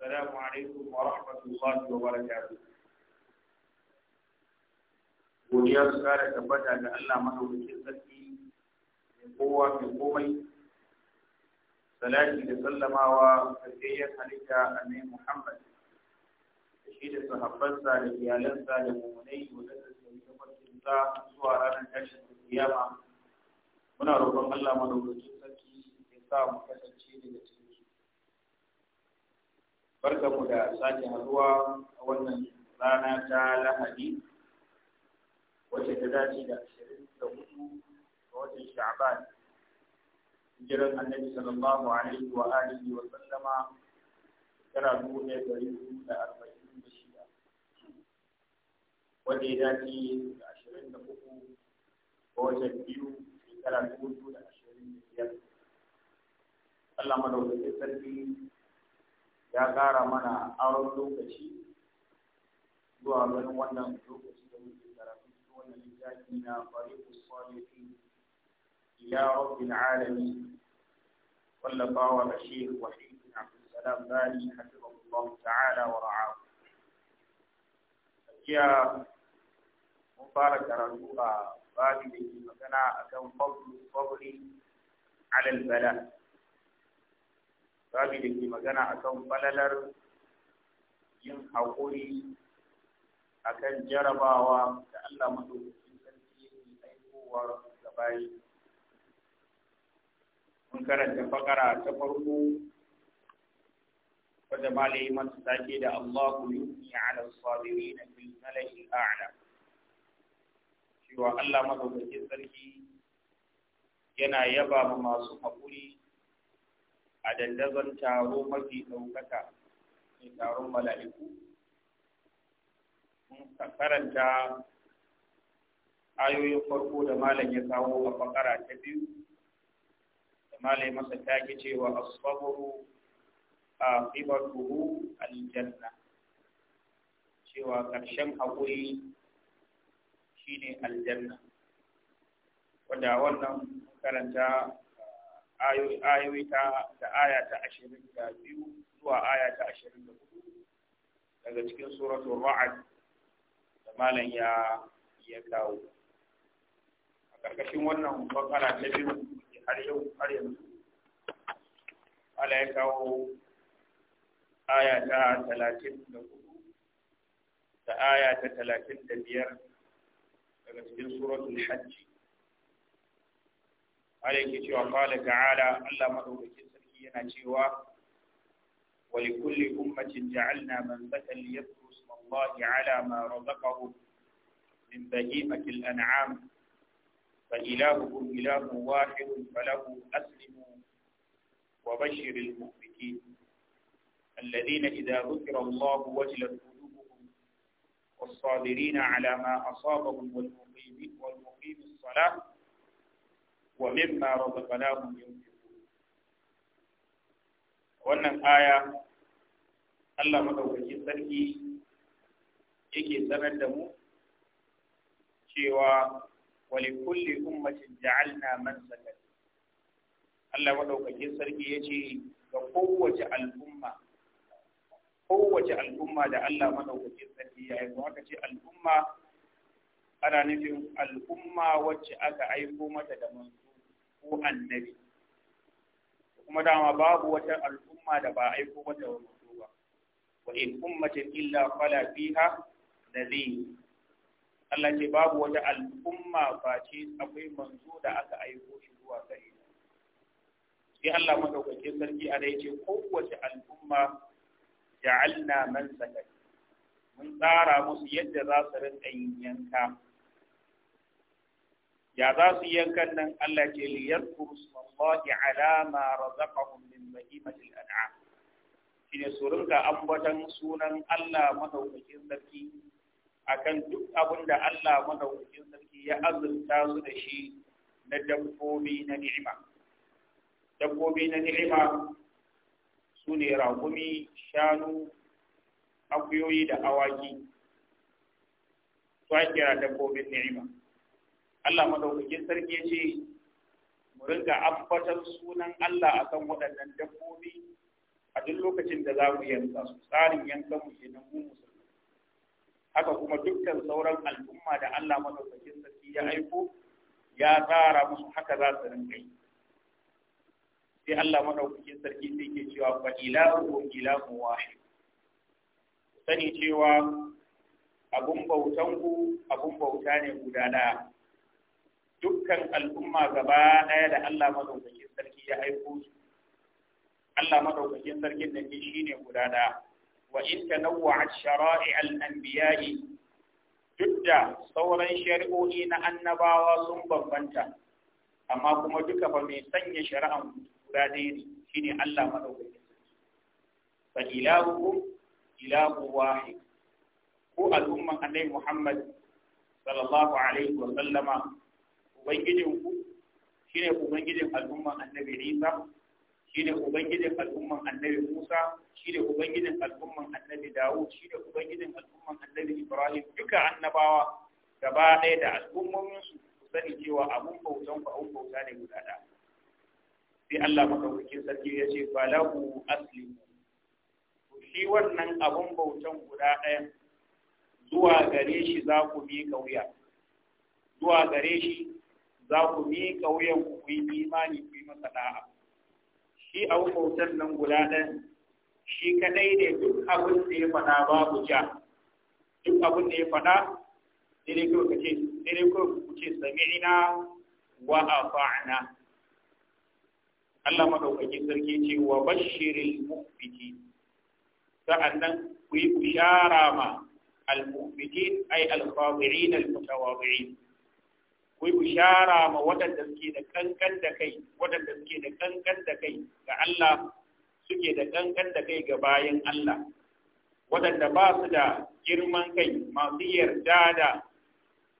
والسلام عليكم ورحمة الله وبركاته godiya su kara tabbata ga Allah madaukakin sarki mai kowa mai komai salati da sallamawa ga sayyidin halitta annabi Muhammad da shi da sahabbansa da iyalansa da mu'minai wadanda suka yi tabbacin sa zuwa ranar tashin kiyama muna roƙon Allah madaukakin sarki ya sa mu kasance daga cikin barka mu da sake haduwa a wannan rana ta lahadi wacce ta dace da ashirin da hudu A watan sha'ban hijiran annabi sallallahu alaihi wa alihi wa sallama shekara dubu ɗaya ɗari hudu da arba'in da shida wanda ya dace da ashirin da uku a watan biyu shekara dubu biyu da ashirin da biyar Allah madaukakin sarki ya ƙara mana aron lokaci zuwa ganin wannan lokaci da muke karatu cikin wannan littafi na fariqu salihin ila rabbil alamin wallafawa da sheikh wahid bin abdulsalam bani hafizahullahu ta'ala wa ra'ahu mun fara karatu a babi da ke magana akan fadlu sabri ala bala babi da ke magana a kan falalar yin haƙuri a kan jarabawa da Allah madaukakin sarki yake aikowa ga bayi mun karanta fakara ta farko wadda malayi masu take da Allahu yuni ala na fil mala'i a'la cewa Allah madaukakin sarki yana yaba ma masu haƙuri a dandazon taro mafi ɗaukaka mai taron mala'iku mun karanta ayoyin farko da malam ya kawo a bakara ta biyu da malam masa ta cewa asfabu a ibatuhu aljanna cewa ƙarshen haƙuri shine aljanna wanda wannan karanta ayoyi ta da aya ta ashirin da biyu zuwa aya ta ashirin da hudu daga cikin suratun ra'ad da malam ya ya kawo a ƙarƙashin wannan bakara ta biyu har yau har yanzu ala ya kawo aya ta talatin da hudu da aya ta talatin da biyar daga cikin suratun hajji har yake cewa qala ta'ala Allah madaukakin sarki yana cewa wa li kulli ummatin ja'alna mansakan liyadhkuru isma Allah 'ala ma razaqahum min bahimati al-an'am fa ilahukum ilahun wahidun falahu aslimu wa bashir al-mu'minin الذين إذا ذكر الله وجلت قلوبهم والصابرين على ما أصابهم والمقيمين والمقيم الصلاة wa mimma razaqnahum yunfiqun wannan aya Allah madaukaki sarki yake sanar da mu cewa wa li kulli ummatin ja'alna mansakan Allah madaukakin sarki yace ga kowace al'umma kowace al'umma da Allah madaukakin sarki ya aiko ka ce al'umma ana nufin al'umma wacce aka aiko mata da manzo ko annabi kuma dama babu wata al'umma da ba a aiko wata manzo ba wa in ummatin illa fala fiha nadhir Allah ce babu wata al'umma ba ce akwai manzo da aka aiko shi zuwa gare ta sai Allah madaukakin sarki a dai ce kowace al'umma ja'alna man sakata mun tsara musu yadda za su rinka yin yanka ya za su yankan nan Allah ce li yadhkuru smallahi ala ma razaqahum min bahimatil an'am shine surun rinka ambatan sunan Allah madaukakin sarki akan duk abin da Allah madaukakin sarki ya azurta su da shi na dabbobi na ni'ima dabbobi na ni'ima su ne raƙumi shanu akuyoyi da awaki su ake kira dabbobin ni'ima Allah madaukakin sarki ya ce mu rinka abbatar sunan Allah a kan waɗannan dabbobi a duk lokacin da za mu yanka su tsarin yankan mu kenan mu musulmi haka kuma dukkan sauran al'umma da Allah madaukakin sarki ya aiko ya tsara musu haka za su rinka yi sai Allah madaukakin sarki sai ke cewa fa ilahu ilahu wahid sani cewa abun bautanku ku abun bauta ne guda daya dukkan al'umma gaba ɗaya da Allah madaukakin sarki ya aiko su Allah madaukakin sarkin da ke shine guda ɗaya wa in tanawwa'at shara'i al-anbiya'i duk da sauran shari'o'i na annabawa sun bambanta amma kuma duka ba mai sanya shari'an guda ɗaya ne shine Allah madaukakin sarki fa ilahukum ilahu wahid ko al'umman annabi Muhammad sallallahu alaihi wa sallama ubangijin ku shine ubangijin al'umman annabi Isa shine ubangijin al'umman annabi Musa shi shine ubangijin al'umman annabi Dawud shine ubangijin al'umman annabi Ibrahim duka annabawa gaba ɗaya da al'ummomin su sani cewa abun bautan ba abun bauta ne guda ɗaya sai Allah madaukakin sarki ya ce ba falahu aslimu shi wannan abun bautan guda ɗaya zuwa gare shi za ku miƙa wuya zuwa gare shi za ku miƙa wuyan ku ku yi imani ku yi masa da'a shi a bautar nan guda ɗan shi kadai ne duk abin da ya faɗa babu ja duk abin da ya faɗa sai kawai ka ce sai kawai ku ce sami'ina wa afa'na Allah madaukakin sarki ce wa bashiril mu'minin sa'annan ku yi bishara ma al-mu'minin ay al-khadi'in al-mutawadhi'in ku bishara ma waɗanda suke da kankan da kai waɗanda suke da kankan da kai ga Allah suke da kankan da kai ga bayan Allah waɗanda ba su da girman kai masu yarda da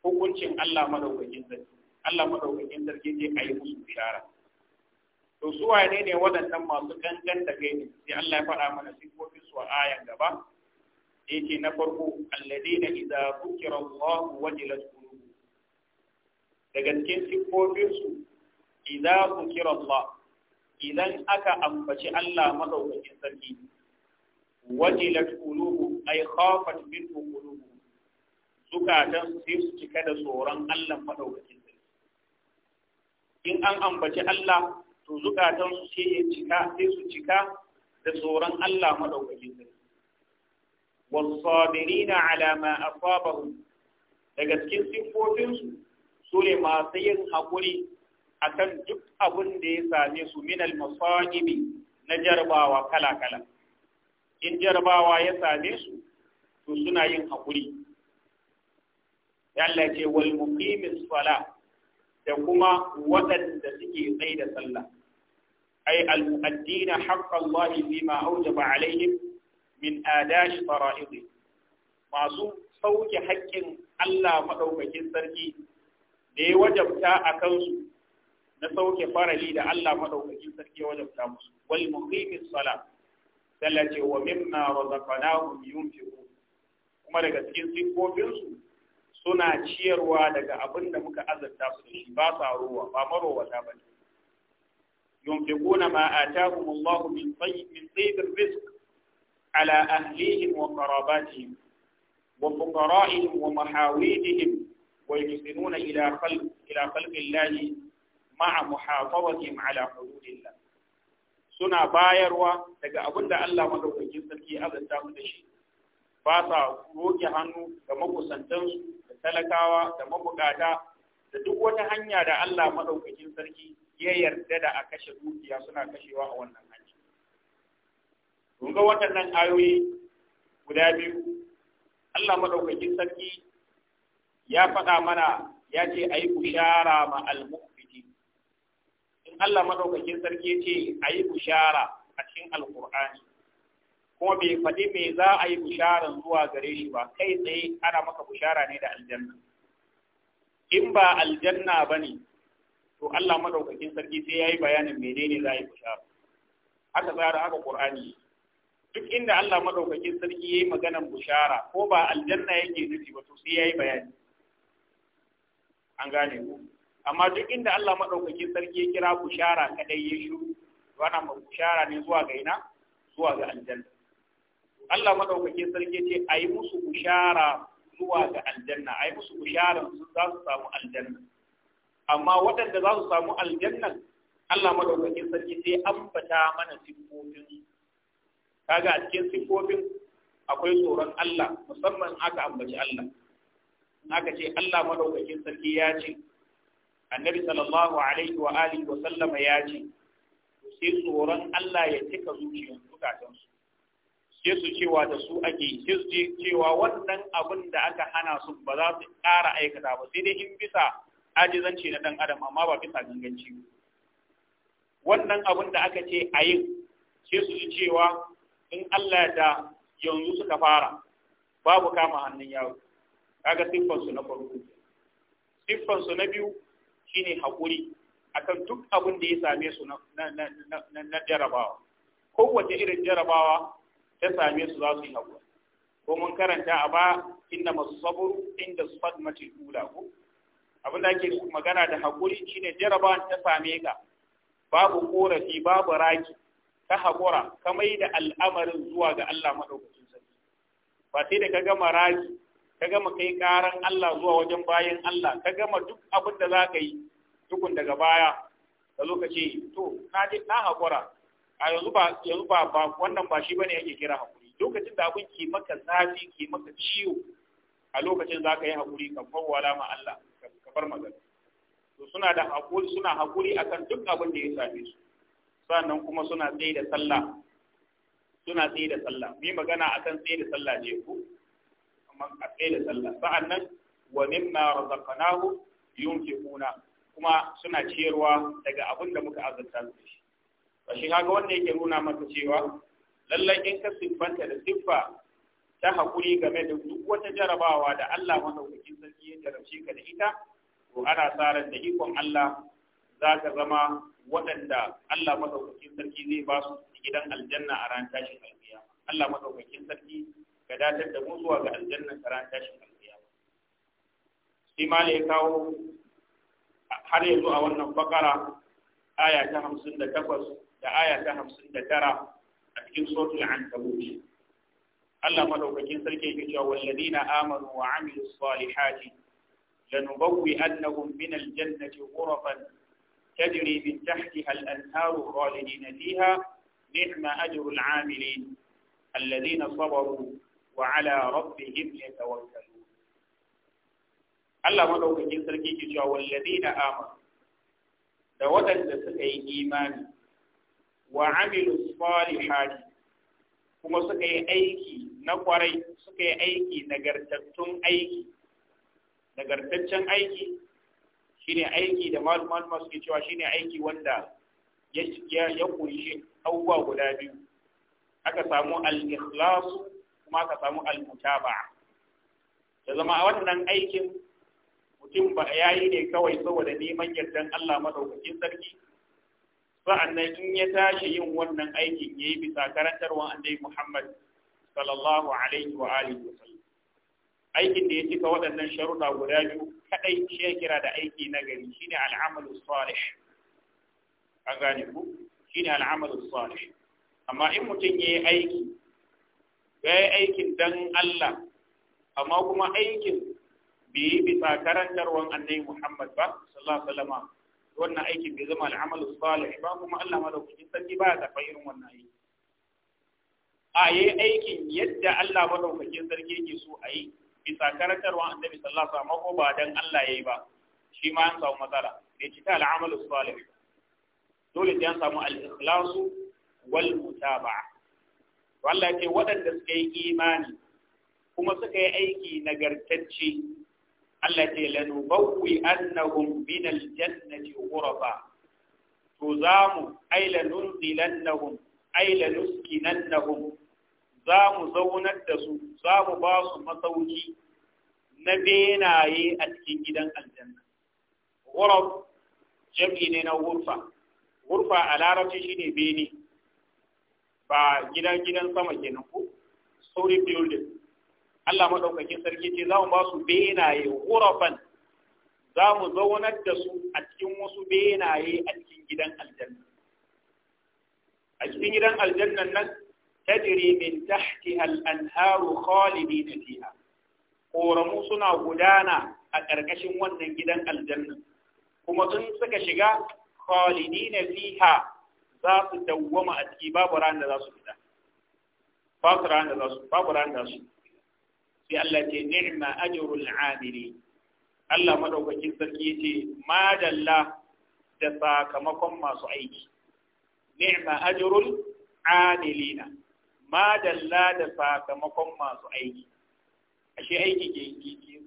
hukuncin Allah madaukakin sarki Allah madaukakin sarki ce a yi musu bishara to su wane ne waɗannan masu kankan da kai ne sai Allah ya faɗa mana sifofin su a ayan gaba yake na farko alladina idza zukira Allah wajilat daga cikin siffofinsu idza zukira Allah idan aka ambaci Allah madaukakin sarki wajilat qulubu ay khafat min qulubu zukatan sai su cika da tsoron Allah madaukakin sarki in an ambaci Allah to zukatan su sai ya cika sai su cika da tsoron Allah madaukakin sarki والصابرين على ما أصابهم daga cikin siffofinsu su ne masu yin haƙuri akan duk abin da ya same su minal masa'ibi na jarabawa kala-kala in jarabawa ya same su to suna yin haƙuri yalla ce wal muqimis sala da kuma waɗanda suke tsaye da sallah ay al mu'addina haqqa Allah bima awjaba alaihim min adash fara'id masu sauke haƙƙin Allah maɗaukakin sarki da ya wajabta a kansu na sauke farali da Allah madaukakin sarki ya wajabta musu wal muqimis sala sallace wa mimma razaqnahum yunfiqun kuma daga cikin sifofin su suna ciyarwa daga abin da muka azurta su shi ba sa ruwa ba marowata ba ne yunfiquna ma atahum Allah min tayyib min tayyib rizq ala ahlihim wa qarabatihim wa fuqara'ihim wa mahawidihim ويحسنون إلى خلق إلى خلق الله مع محافظتهم على حدود الله suna bayarwa daga abin da Allah madaukakin sarki ya azanta mu da shi ba sa roƙe hannu ga makusantansu da talakawa da mabukata da duk wata hanya da Allah madaukakin sarki ya yarda da a kashe dukiya suna kashewa a wannan hanya kun ga wannan ayoyi guda biyu Allah madaukakin sarki ya faɗa mana ya ce a yi bushara ma al-mu'mini in Allah madaukakin sarki ya ce a yi bushara a cikin alkur'ani kuma bai faɗi me za a yi bisharan zuwa gare shi ba kai tsaye ana maka bushara ne da aljanna in ba aljanna ba ne to Allah madaukakin sarki sai ya yi bayanin menene za a yi bushara haka tsara haka qur'ani duk inda Allah madaukakin sarki ya yi maganan bushara ko ba aljanna yake nufi ba to sai ya yi bayani an gane ku amma duk inda Allah madaukakin sarki ya kira bushara kadai ya shiru wannan bushara ne zuwa ga ina zuwa ga aljanna Allah madaukakin sarki ce a yi musu bushara zuwa ga aljanna a yi musu bushara su za su samu aljanna amma waɗanda za su samu aljannan Allah madaukakin sarki sai ambata mana siffofin kaga a cikin siffofin akwai tsoron Allah musamman aka ambaci Allah aka ce Allah madaukakin sarki ya ce annabi sallallahu alaihi wa alihi wa sallama ya ce sai tsoron Allah ya cika zuciyar su sai su cewa da su ake sai su cewa wannan abin da aka hana su ba za su ƙara aikata ba sai dai in bisa ajizanci na ɗan adam amma ba bisa ganganci ba wannan abin da aka ce a yin sai su cewa in Allah da yanzu suka fara babu kama hannun yaro kaga siffansu na farko siffansu na biyu shine haƙuri akan duk abin da ya same su na jarabawa kowace irin jarabawa ta same su za su yi haƙuri ko mun karanta a ba inda masu saburu inda su fadmatin ula ko abin da ake magana da haƙuri shine jarabawan ta same ka babu korafi babu raki ta haƙura ka mai da al'amarin zuwa ga Allah maɗaukacin sarki ba sai da ka gama raki ka gama kai karan Allah zuwa wajen bayan Allah ka gama duk abin da za ka yi tukun daga baya ka zo ka ce to na je na hakura a yanzu ba yanzu ba wannan ba shi bane yake kira hakuri lokacin da abin ke maka zafi ke maka ciwo a lokacin za ka yi hakuri ka wala ma Allah ka bar magana to suna da hakuri suna hakuri akan duk abin da ya same su sannan kuma suna tsaye da sallah suna tsaye da sallah mu magana akan tsaye da sallah ne ko a tsaye da sallah sa'annan wa mimma razaqnahu yunfiquna kuma suna ciyarwa daga abin da muka azanta su shi ba shi kaga wanda yake nuna maka cewa lallai in ka siffanta da siffa ta hakuri game da duk wata jarabawa da Allah madaukakin sarki ya jarabce ka da ita to ana sa ran da ikon Allah za ka zama waɗanda Allah madaukakin sarki zai ba su gidan aljanna a ran tashin alƙiyama Allah madaukakin sarki ka datar da mu zuwa ga aljanna karan tashin alƙiyama sai ma ya kawo har yanzu a wannan fakara aya ta hamsin da takwas da aya ta hamsin da tara a cikin sotul ankabut Allah madaukakin sarki yake cewa walladina amanu wa amilu salihati lanubawwi annahum min aljannati ghurafan تجري من تحتها الأنهار خالدين فيها نعم أجر العاملين الذين صبروا wa ala rabbihim yatawakkalun Allah madaukakin sarki ke cewa na amanu da waɗanda suka yi imani wa amilu salihati kuma suka yi aiki na kwarai suka yi aiki nagartattun aiki nagartaccen aiki shine aiki da malaman masu ke cewa shine aiki wanda ya ƙunshi abubuwa guda biyu aka samu al-ikhlasu kuma ka samu almutaba ya zama a wannan aikin mutum ba ya yi ne kawai saboda neman yardan Allah madaukakin sarki sa'annan in ya tashi yin wannan aikin ya yi bisa karantarwa annabi Muhammad sallallahu alaihi wa alihi wa sallam aikin da ya cika waɗannan sharuɗa guda biyu kadai shi ya kira da aiki na gari shine al'amalu salih an gane ku shine al'amalu salih amma in mutum ya yi aiki ya yi aikin dan Allah amma kuma aikin bai yi bisa karantarwan annabi Muhammad ba sallallahu alaihi wasallam wannan aikin bai zama al'amal salih ba kuma Allah ma madaukakin sarki ba ya irin wannan aiki a yi aikin yadda Allah ma madaukakin sarki yake so a yi bisa karantarwan annabi sallallahu alaihi wasallam ko ba dan Allah ya yi ba shi ma an samu matsala bai cika al'amal salih dole sai an samu al-ikhlasu wal mutaba'a to Allah ce waɗanda suka yi imani kuma suka yi aiki nagartacce Allah ce lanubawwi annahum min aljannati ghurafa to za mu aila ay lanunzilannahum ay za mu zaunar da su za mu ba su masauki na benaye a cikin gidan aljanna ghuraf jam'i ne na ghurfa ghurfa a larabci shine bene ba gidan gidan sama kenan ko story building Allah madaukakin sarki ce za mu ba su benaye ghurafan za mu zaunar da su a cikin wasu benaye a cikin gidan aljanna a cikin gidan aljanna nan tajri min tahtiha al-anharu khalidina fiha koramu suna gudana a ƙarƙashin wannan gidan aljanna kuma sun suka shiga khalidina fiha za su dawwama a ciki babu ran da za su fita babu ran da za su babu ran da su sai Allah ce ni'ma ajrul amili Allah madaukakin sarki yace madalla da sakamakon masu aiki ni'ma ajrul amilina madalla da sakamakon masu aiki ashe aiki ke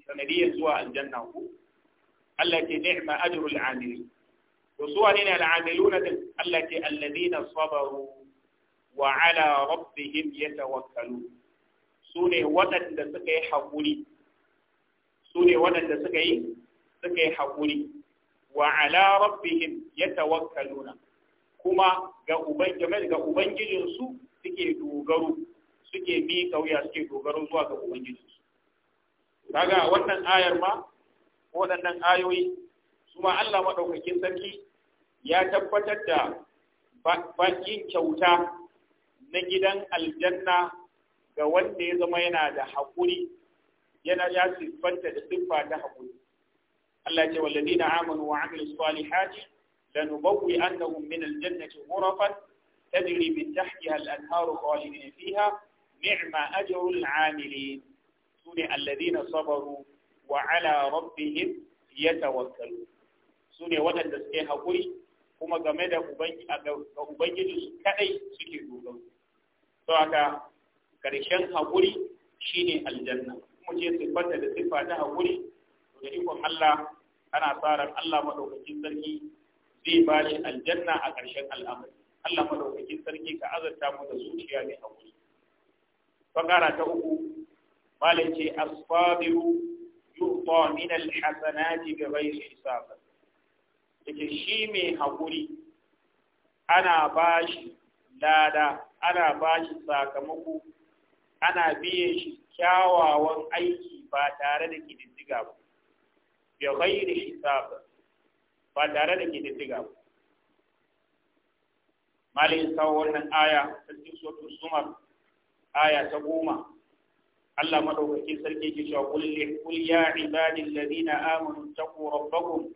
sanadiyar zuwa aljanna ku Allah ce ni'ma ajrul amili to su wane ne al'amiluna din Allah ce alladina sabaru wa ala rabbihim yatawakkalu su ne waɗanda suka yi haƙuri su ne waɗanda suka yi suka yi kuma ga ubangiji ga ubangijinsu suke dogaro suke bi kauya suke dogaro zuwa ga kaga wannan ayar ma waɗannan ayoyi su ma Allah madaukakin sarki ya tabbatar da bakin kyauta na gidan aljanna ga wanda ya zama yana da haƙuri yana ya siffanta da siffa ta haƙuri Allah ce wallazi na amanu wa amilu salihati lanubawwi annahum min aljannati ghurafan tajri min tahtiha al-anharu khalidin fiha ni'ma ajru amilin sune alladhina sabaru wa ala rabbihim yatawakkalun sune wadanda suke haƙuri kuma game da ubangiji su kadai suke dogaro to haka karshen hakuri shine aljanna kuma ce siffata da siffa ta hakuri to da ikon Allah ana sa ran Allah madaukakin sarki zai ba shi aljanna a karshen al'amari Allah madaukakin sarki ka azarta mu da zuciya mai haƙuri. fakara ta uku malai ce asfabiru yu'ta min al-hasanati bi ghairi hisab yake shi mai haƙuri ana ba shi lada ana ba shi sakamako ana biye shi kyawawan aiki ba tare da ƙididdiga ba ya ghairi hisab ba tare da ƙididdiga ba malin kawo wannan aya ta cikin suratul zumar aya ta goma Allah madaukakin sarki ke cewa kulli kul ya ibadi ladina amanu taqu rabbakum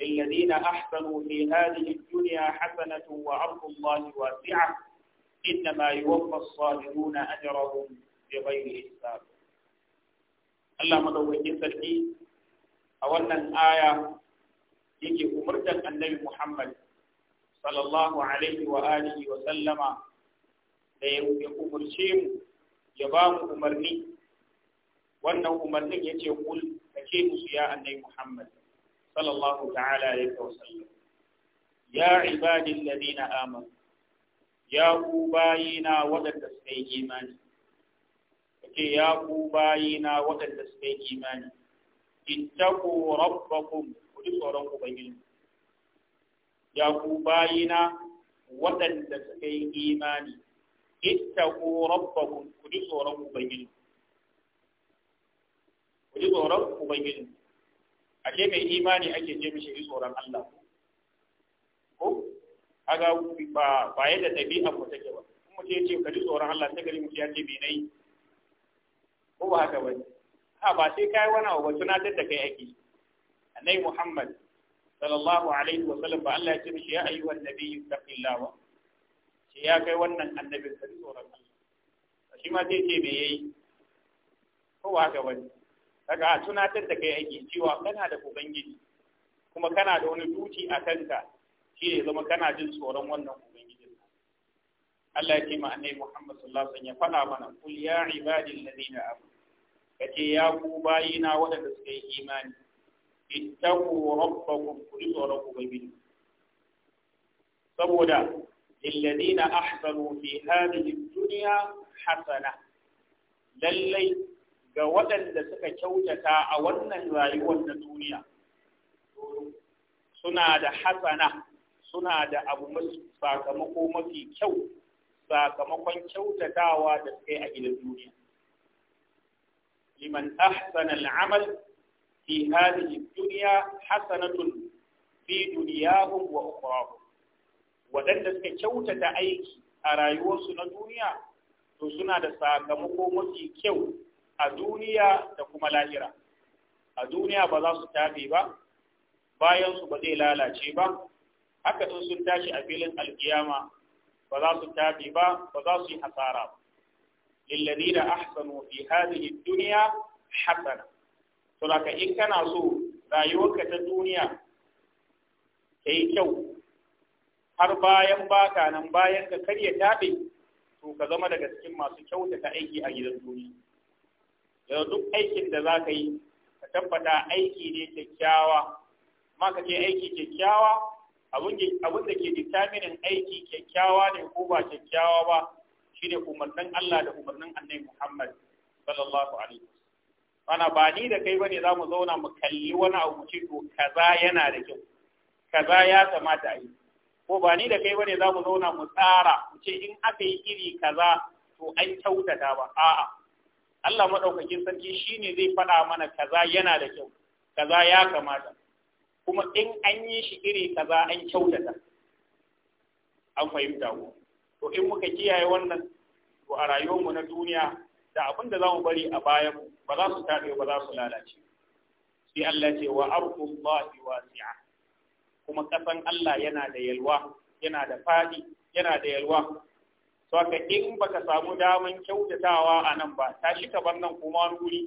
للذين أحسنوا في هذه الدنيا حسنة وعرض الله واسعة إنما يوفى الصابرون أجرهم بغير حساب Allah madaukakin sarki a wannan aya yake umurtar annabi Muhammad sallallahu alaihi wa wa sallama da ya umurce mu ya ba mu umarni wannan umarnin yace kul kace musu annabi Muhammad صلى الله تعالى عليه وسلم يا عباد الذين آمنوا يا قبائنا ودد سكي إيمان okay, يا قبائنا ودد سكي إيمان اتقوا ربكم ودسورن أبنين يا قبائنا ودد سكي إيمان اتقوا ربكم ودسورن أبنين ودسورن أبنين Ake mai imani ake je mishi yi tsoron Allah ko aga ba ba yadda ɗabi'a mu take ba kuma ce ce ka ji tsoron Allah sai gari mutum ya ce bi nayi ko ba haka bane ha ba sai kai wani abu ba tunatar da kai ake annabi Muhammad sallallahu alaihi wa sallam ba Allah ya ce mishi ya ayyuhan nabiyyu taqillaha ce ya kai wannan annabin ka ji tsoron Allah shi ma sai ce me yayi ko ba haka bane kaga a tunatar da kai aiki cewa kana da ubangiji kuma kana da wani duti a kanka shi ne zama kana jin tsoron wannan ubangiji Allah ya ce ma annabi Muhammad sallallahu alaihi wasallam ya faɗa mana kul ya ibadil ladina amanu kace ya ku bayina waɗanda suka yi imani ittaqu rabbakum ku ji tsoron ubangiji saboda lilladina ahsanu fi hadhihi dunya hasana lallai ga waɗanda suka kyautata a wannan rayuwar na duniya suna da hasana suna da abu sakamako mafi kyau sakamakon kyautatawa da suka yi a gidan duniya liman ahsana al'amal fi hadhihi dunya hasanatun fi dunyahum wa ukhrahum waɗanda suka kyautata aiki a rayuwarsu na duniya to suna da sakamako mafi kyau a duniya da kuma lahira a duniya ba za su tafi ba bayan su ba zai lalace ba haka in sun tashi a filin alkiyama ba za su tabe ba ba za su yi hasara ba da ahsanu fi hadhihi dunya hasana to da in kana so rayuwarka ta duniya ta yi kyau har bayan baka nan bayan ka karya tabe to ka zama daga cikin masu kyautata aiki a gidan duniya Daga duk aikin da za ka yi ka tabbata aiki ne kyakkyawa ma ka ce aiki kyakkyawa abin da ke determinin aiki kyakkyawa ne ko ba kyakkyawa ba shi ne umarnin Allah da umarnin annai Muhammad sallallahu alaihi Bana ba ni da kai bane za mu zauna mu kalli wani abu mu ce to kaza yana da kyau kaza ya kamata a yi ko ba ni da kai bane za mu zauna mu tsara mu ce in aka yi iri kaza to an kyautata ba a'a Allah maɗaukakin sarki shine zai faɗa mana kaza yana da kyau kaza ya kamata kuma in an yi shi iri kaza an kyautata an fahimta ku to in muka kiyaye wannan to a rayuwarmu na duniya da abin da za mu bari a baya ba za su tabe ba za su lalace sai Allah ce wa ardullahi wasi'a kuma kasan Allah yana da yalwa yana da faɗi, yana da yalwa to haka in baka samu daman kyautatawa a nan ba Ta shi kaban nan kuma wani guri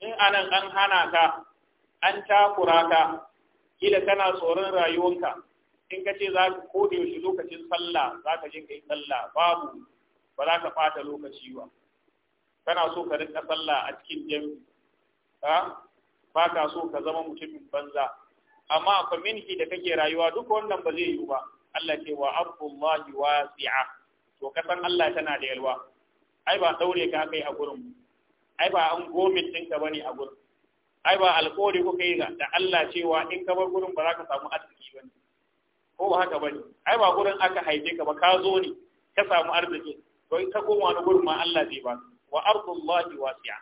in anan an hana ka an takura ka kila kana tsoron rayuwanka in ka ce za ka koda yaushe lokacin sallah za ka je kai sallah babu ba za ka fata lokaci ba kana so ka rinka sallah a cikin jam'i, ha ba ka so ka zama mutumin banza amma a community da kake rayuwa duk wannan ba zai yiwu ba Allah ce wa abullahi wasi'a to kasan Allah tana da yalwa ai ba daure ka kai a gurin ai ba an gomin ɗinka bane a gurin ai ba alƙawari kai yi da Allah cewa in ka bar gurin ba za ka samu arziki bane ko ba haka bane ai ba gurin aka haife ka ba ka zo ne ka samu arziki to in ka koma wani gurin ma Allah zai ba wa ardullahi wasi'a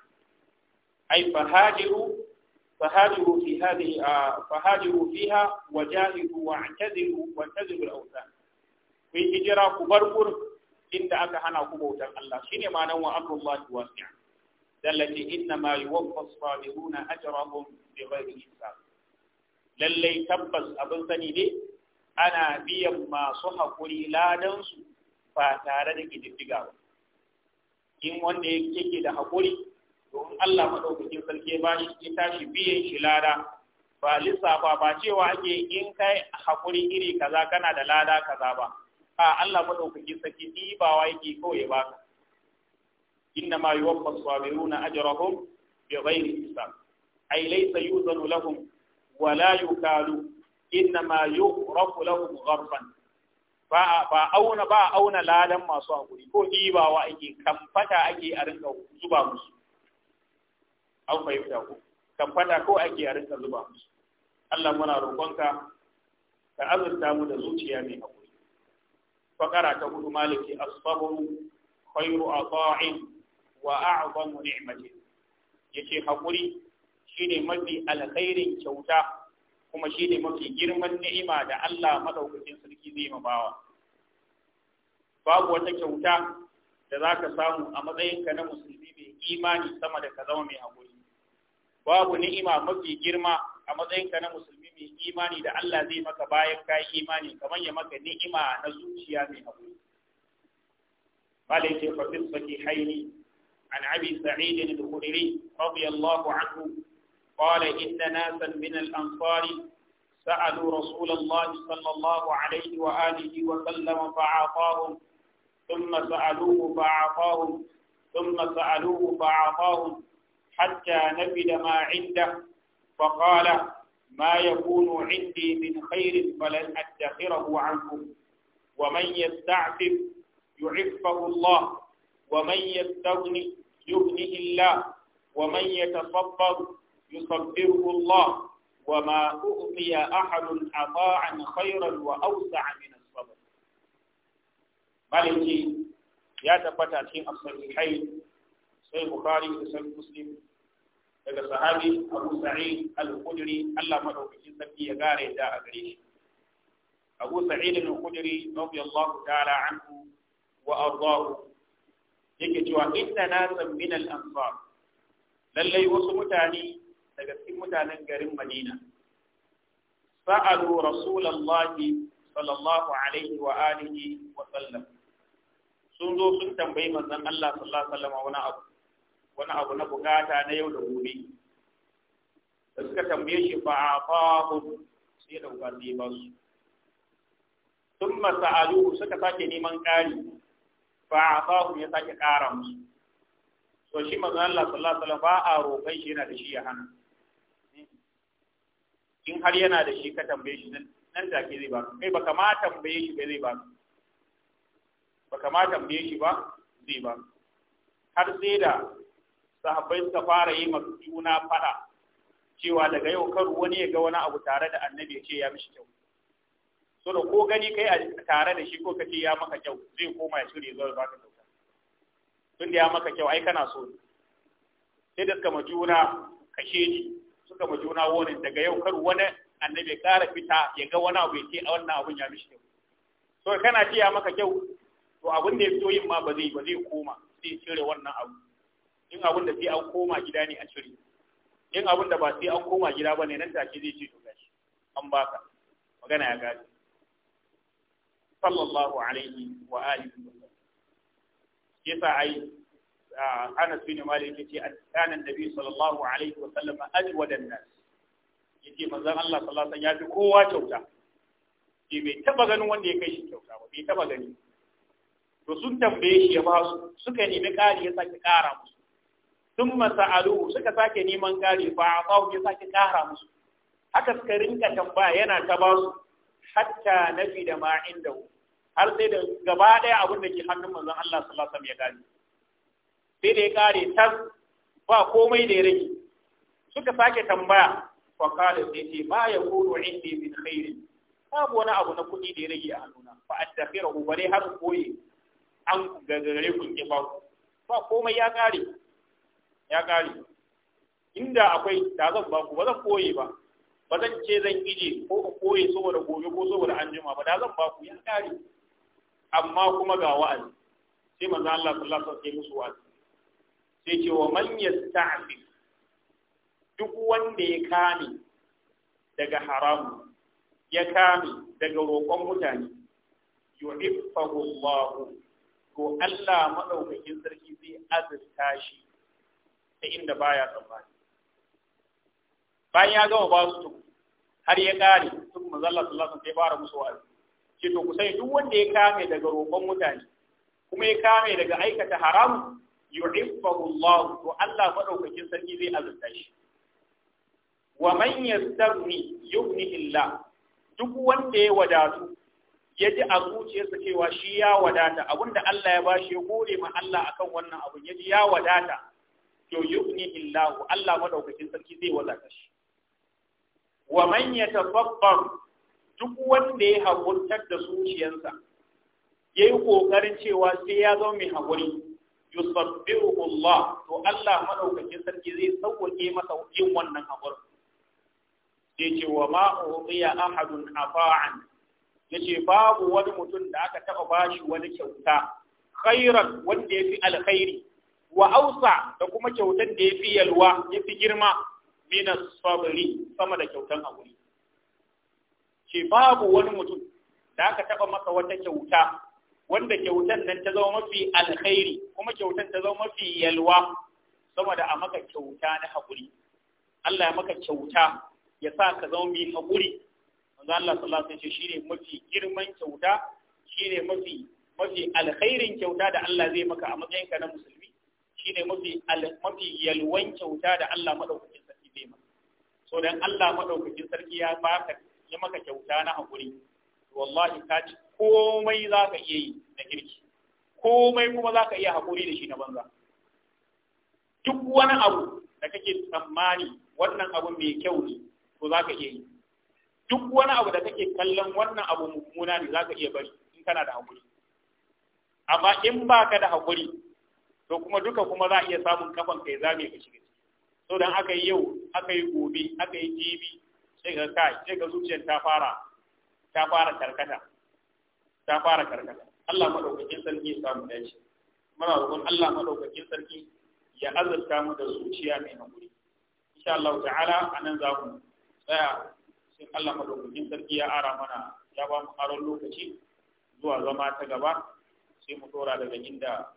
ai fahajiru فهاجروا في هذه فهاجروا فيها وجاهدوا واعتذروا وانتذروا الاوثان ku bar gurin. inda aka hana ku bautar Allah shine ma'anar wa amrullahi wasi'a dallati inna ma yuwaffa as-sabiruna ajrahum ghairi hisab lalle tabbas abin sani ne ana biyan masu hakuri ladan su ba tare da kididdiga ba in wanda yake da hakuri domin Allah madaukakin sarki ba shi tashi biyan shi lada ba lissafa ba cewa ake in kai hakuri iri kaza kana da lada kaza ba a Allah madaukakin saki ɗibawa yake kawai ya baka inna ma yuwaffa sabiruna ajrahum bighairi hisab ay laysa yuzanu lahum wa la yukalu inna ma yughrafu lahum gharfan ba ba auna ba auna ladan masu hakuri ko ɗibawa ake kamfata ake a rinka zuba musu an fahimta ko kamfata ko ake a rinka zuba musu Allah muna roƙonka ka azurta mu da zuciya mai hakuri fakara ta hudu maliki asbabu khairu ata'in wa a'zamu ni'mati yace hakuri shine mafi alkhairin kyauta kuma shine mafi girman ni'ima da Allah madaukakin sarki zai ma bawa babu wata kyauta da za ka samu a matsayinka na musulmi mai imani sama da ka zama mai hakuri babu ni'ima mafi girma a matsayinka na musulmi yi imani da Allah zai maka bayan ka yi imani kamar ya maka ni'ima na zuciya mai haƙuri. Malai ce fafin saki haini, an abi sa'idin al-Khudri radiyallahu anhu qala inna nasan min al-ansari sa'alu rasulullah sallallahu alaihi wa alihi wa sallam fa'afahum thumma sa'aluhu fa'afahum thumma sa'aluhu fa'afahum حتى نبذ ما عنده فقال ما يكون عندي من خير فلن أدخره عنكم ومن يستعفف يعفه الله ومن يستغني يغنيه الله ومن يتصبر يصبره الله وما أغني أحد عطاء خيرا وأوسع من الصبر مالكي يا تبتا في الصحيحين صحيح البخاري وصحيح مسلم daga sahabi Abu Sa'id al-Khudri Allah madaukakin sarki ya gare da a gare shi Abu Sa'id al-Khudri radiyallahu ta'ala anhu wa ardahu yake cewa inna nasan min al-ansar lallai wasu mutane daga cikin mutanen garin Madina sa'alu rasulullahi sallallahu alaihi wa alihi wa sallam sun zo sun tambayi manzon Allah sallallahu alaihi wa sallam wani abu wani abu na bukata na yau da gobe da suka tambaye shi fa afahu sai da ubangi ba su thumma sa'aluhu suka sake neman ƙari fa afahu ya sake ƙara musu to shi manzo Allah sallallahu alaihi wasallam ba a roƙai shi yana da shi ya hana in har yana da shi ka tambaye shi nan ke zai ba kai ba ma tambaye shi ba zai ba ba ma tambaye shi ba zai ba har sai da sahabbai suka fara yi masu juna fada cewa daga yau kar wani ya ga wani abu tare da annabi ya ce ya mishi kyau so da ko gani kai a tare da shi ko ka ce ya maka kyau zai koma ya shirya zuwa baka dauka tun da ya maka kyau ai kana so sai da suka ma juna kashe ni suka ma juna wani daga yau kar wani annabi ya ƙara fita ya ga wani abu ya ce a wannan abun ya mishi kyau so kana ce ya maka kyau to abin da ya fito yin ma ba zai ba zai koma sai cire wannan abu in abin da sai an koma gida ne a cire in abin da ba sai an koma gida ba ne nan take zai ce to shi an baka magana ya gaji sallallahu alaihi wa alihi wa sallam yasa ai Anas bin Malik yace kana annabi sallallahu alaihi wa sallam ajwadan nas yake manzon Allah sallallahu alaihi ya fi kowa kyauta ke bai taba ganin wanda ya kai shi kyauta ba bai taba gani to sun tambaye shi ya ba su suka nemi ƙari ya sake ƙara musu sun masa'alu suka sake neman gari ba a tsawo ya sake ƙara musu haka suka rinka tambaya yana ta ba su hatta nafi da ma inda har sai da gaba ɗaya abin da ke hannun manzon Allah sallallahu alaihi wasallam ya gani sai da ya kare tas ba komai da ya rage suka sake tambaya fa qala sai ce ma yakunu indi min khairin babu wani abu na kuɗi da ya rage a hannuna fa addakhiru bare har koyi an gagare kun ki ba ba komai ya kare ya ƙare inda akwai da zan ba ku ba zan koye ba ba zan ce zan ije ko ku koye saboda gobe ko saboda anjima ba da zan ba ku ya ƙare amma kuma ga wa'azi sai manzo Allah sallallahu alaihi wasallam musu wa'azi sai ce wa man yasta'fi duk wanda ya kame daga haramu ya kame daga roƙon mutane yu'iffahu Allah to Allah madaukakin sarki zai azurta shi ta inda baya tsammani bayan ya gama ba su har ya kare duk manzalla sallallahu alaihi fara musu wa'azi ce to ku sai duk wanda ya kame daga roƙon mutane kuma ya kame daga aikata haramu yuhibbahu Allah to Allah madaukakin sarki zai azurta shi wa man yastaghni ni Allah duk wanda ya wadatu ya ji a zuciyarsa cewa shi ya wadata abinda Allah ya bashi ya gode ma Allah akan wannan abun ya ji ya wadata to yughni illahu Allah madaukakin sarki zai wadata shi wa man yatafabbar duk wanda ya hakuntar da zuciyarsa yayi kokarin cewa sai ya zama mai hakuri yusabbihu Allah to Allah madaukakin sarki zai sauke masa yin wannan hakuri sai ce wa ma uqiya ahadun afa'an yace babu wani mutum da aka taba bashi wani kyauta khairan wanda yafi alkhairi wa ausa da kuma kyautan da ya fi yalwa ya fi girma min sabari sama da kyautan haƙuri. ce babu wani mutum da aka taba masa wata kyauta wanda kyautan nan ta zama mafi alkhairi kuma kyautan ta zama mafi yalwa sama da a maka kyauta na haƙuri. Allah ya maka kyauta ya sa ka zama mai hakuri wanda Allah sallallahu alaihi wasallam ne mafi girman kyauta shi mafi mafi alkhairin kyauta da Allah zai maka a matsayinka na musulmi shine mafi mafi yalwan kyauta da Allah madaukakin sarki zai maka so dan Allah madaukakin sarki ya baka ya maka kyauta na hakuri wallahi ka ci komai za ka iya yi na kirki komai kuma za ka iya hakuri da shi na banza duk wani abu da kake tsammani wannan abu mai kyau ne to za ka iya yi duk wani abu da kake kallon wannan abu mummuna ne za ka iya bari in kana da hakuri amma in ba ka da hakuri to kuma duka kuma za a iya samun kafan kai zame ka shiga so dan aka yi yau aka yi gobe aka yi jibi sai ka kai sai ka zuciyar ta fara ta fara karkata ta fara karkata Allah madaukakin sarki ya samu dace muna roƙon Allah madaukakin sarki ya azurta mu da zuciya mai hakuri insha Allah ta'ala anan za mu tsaya sai Allah madaukakin sarki ya ara mana ya ba mu aron lokaci zuwa zama ta gaba sai mu tsora daga inda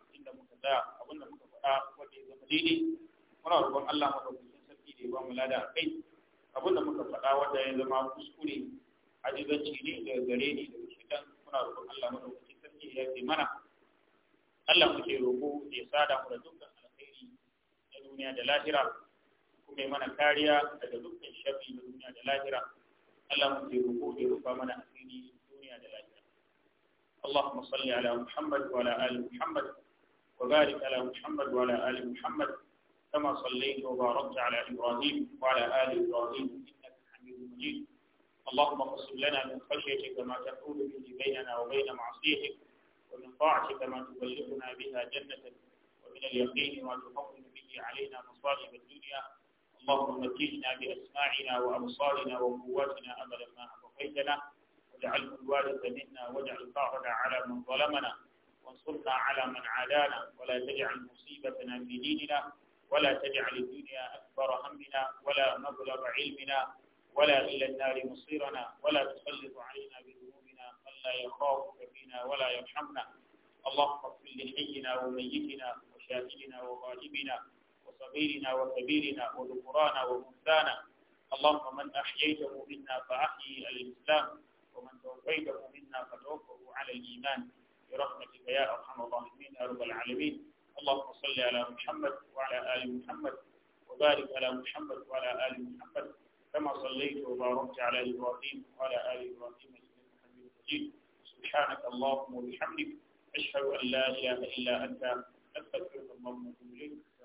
muka abin da muka faɗa wanda ya zama daidai muna roƙon Allah madaukakin sarki da ya ba mu lada a kai abin da muka faɗa wanda ya zama kuskure ajizanci ne daga gare ni daga shaitan muna roƙon Allah madaukakin sarki ya ce mana Allah muke roƙo ya sada mu da dukkan alkhairi na duniya da lahira kuma ya mana kariya daga dukkan shafi na duniya da lahira Allah muke roƙo ya rufa mana asiri duniya da lahira اللهم صل على محمد وعلى آل محمد وبارك على محمد وعلى آل محمد كما صليت وباركت على إبراهيم وعلى آل إبراهيم إنك حميد مجيد اللهم اقسم لنا من خشيتك ما تحول به بيننا وبين معصيتك ومن طاعتك ما تبلغنا بها جنتك ومن اليقين ما تهون به علينا مصائب الدنيا اللهم متعنا بأسماعنا وأبصارنا وقواتنا أبدا ما أبقيتنا واجعله الوارث منا واجعل ثارنا على من ظلمنا وانصرنا على من عادانا ولا تجعل مصيبتنا في ديننا ولا تجعل الدنيا أكبر همنا ولا مبلغ علمنا ولا إلى النار مصيرنا ولا تسلط علينا بذنوبنا من لا يخافك فينا ولا يرحمنا اللهم اغفر لحينا وميتنا وشاهدنا وغائبنا وصغيرنا وكبيرنا وذكرانا وانثانا اللهم من أحييته منا فأحيي الإسلام ومن توفيته منا فتوفه على الإيمان برحمتك يا أرحم الراحمين يا رب العالمين اللهم صل على محمد وعلى آل محمد وبارك على محمد وعلى آل محمد كما صليت وباركت على إبراهيم وعلى آل إبراهيم إنك حميد مجيد سبحانك اللهم وبحمدك أشهد أن لا إله إلا أنت أستغفرك اللهم وأتوب إليك